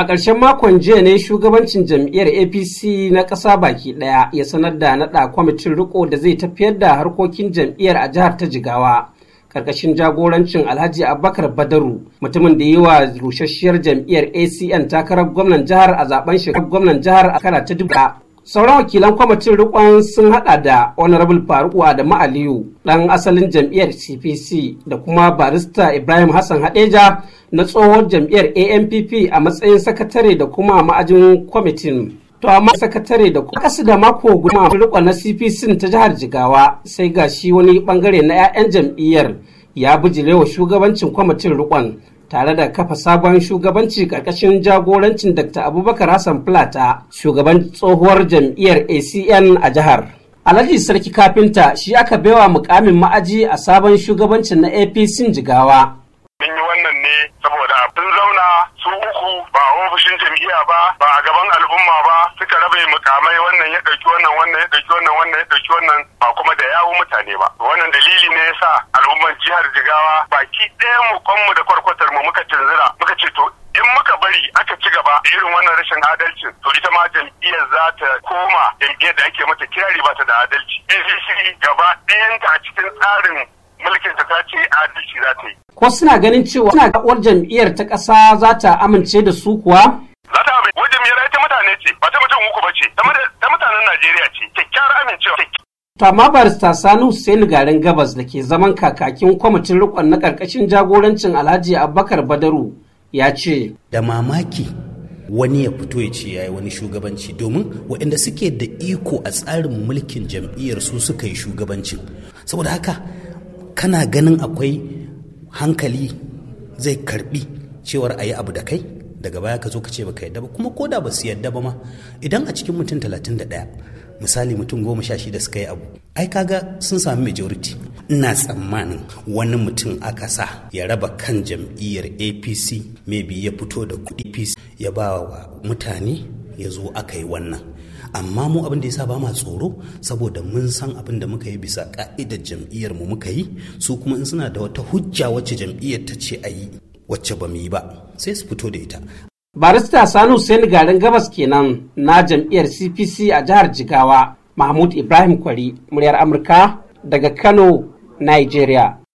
A ƙarshen makon jiya ne shugabancin jam'iyyar APC na ƙasa baki ɗaya ya sanar da naɗa kwamitin riko da zai tafiyar da harkokin jam'iyyar a jihar ta Jigawa. Karkashin jagorancin Alhaji Abubakar Badaru mutumin da ya yi wa rushasshiyar jam'iyyar ACN takarar gwamnan jihar a zaben shekarar gwamnan jihar a kara ta dubu sauran wakilan kwamitin rikon sun hada da honorable faruku adamu aliyu dan asalin jam'iyyar cpc da kuma barista ibrahim hassan hadeja na tsohon jam'iyyar ampp a matsayin sakatare da kuma ma'ajin kwamitin to amma sakatare da kuma kasu da mako guda riko na cpc ta jihar jigawa sai ga shi wani bangare na 'ya'yan jam'iyyar ya bijirewa shugabancin kwamitin rikon tare da kafa sabon shugabanci karkashin jagorancin Dr. Abubakar Hassan Plata, shugaban tsohuwar jam'iyyar ACN a jihar. Alhaji Sarki Kafinta shi aka baiwa mukamin ma'aji a sabon shugabancin na APC Jigawa. Mun yi wannan ne saboda sun zauna su uku ba ofishin jam'iyya ba, ba a gaban al'umma ba, Mai wannan ya ɗauki wannan wannan ya ɗauki wannan wannan ya ɗauki wannan ba kuma da yawo mutane ba wannan dalili ne yasa al'ummar jihar jigawa baki ɗaya mu kwanmu da kwarkwatar mu muka tunzura muka ce to in muka bari aka ci gaba irin wannan rashin adalcin to ita ma jam'iyyar za ta koma jam'iyyar da ake mata kirari ba ta da adalci ACC gaba ɗayanta a cikin tsarin mulkin ta ce adalci za ta yi. Ko suna ganin cewa suna kawar jam'iyyar ta ƙasa za ta amince da su kuwa? Za ta wajen jam'iyyar ita mutane ce ba muku bace ta mutanen Najeriya ce kyakkyawar amincewa Tama barista Sani Hussein garin Gabas da ke zaman kakakin kwamitin rikon na karkashin jagorancin Alhaji Abubakar Badaru ya ce. Da mamaki wani ya fito ya ce ya yi wani shugabanci domin waɗanda suke da iko a tsarin mulkin jam'iyyar su suka yi shugabancin. Saboda haka kana ganin akwai hankali zai karbi cewar a yi abu da kai? daga baya ka zo ka ce baka yadda ba kuma koda ba su yadda ba ma idan a cikin mutum 31 misali mutum goma sha shida suka yi abu ai kaga sun sami majority ina tsammanin wani mutum aka sa ya raba kan jam'iyyar apc maybe ya fito da kudi apc ya ba wa mutane ya zo aka yi wannan amma mu abin da ya sa ba ma tsoro saboda mun san abin da muka yi bisa ka'idar jam'iyyar mu muka yi su kuma in suna da wata hujja wacce jam'iyyar ta ce a yi wacce ba mu yi ba sai su fito da ita barista sani hussein garin gabas kenan na jam'iyyar cpc a jihar jigawa mahmud ibrahim kwari muryar amurka daga kano nigeria